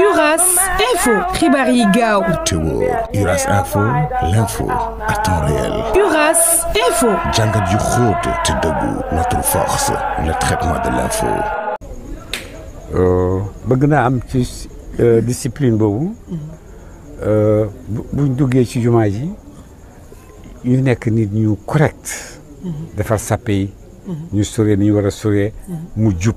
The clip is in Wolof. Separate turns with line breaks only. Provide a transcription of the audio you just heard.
Uras Info, Ribari Gao.
Tewo, Uras Info, l'info à temps réel.
Uras Info.
Djanga du te debout, notre force, le traitement de l'info. Euh, bëgg naa am ci
euh, discipline boobu euh, buñ duggé ci juma ji ñu nekk nit ñu correct mhm. defar sàppe yi mhm. ñu souré ni wara souré mhm. mu jub